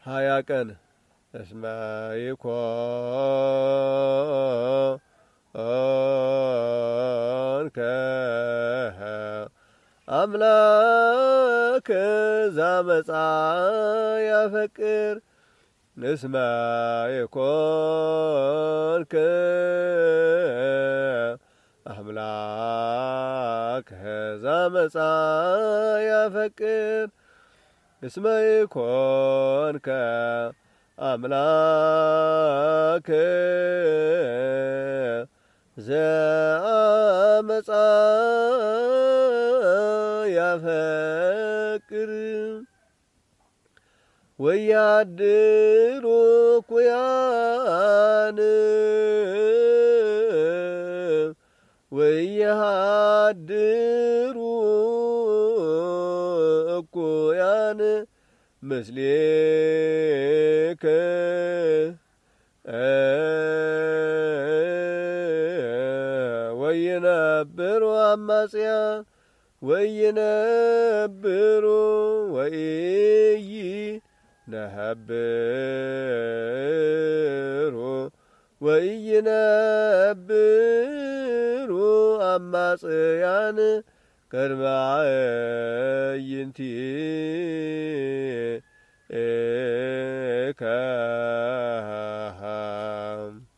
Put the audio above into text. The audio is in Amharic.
ቀን እስመይኮ ኦንከ አምላክ ዛመፃ ያፈቅር ንስመ ይኮንክ አምላክ ዛመፃ ያፈቅር እስመ ኮንከ አምላክ ዘአመፃ ያፈቅር ወያድሩ ኩያን ወያድሩ يعني مثليك وينبر ومسيا وينبر وإي نهبر وإي نبر أما صيان ቅድመ አዕይንቲከ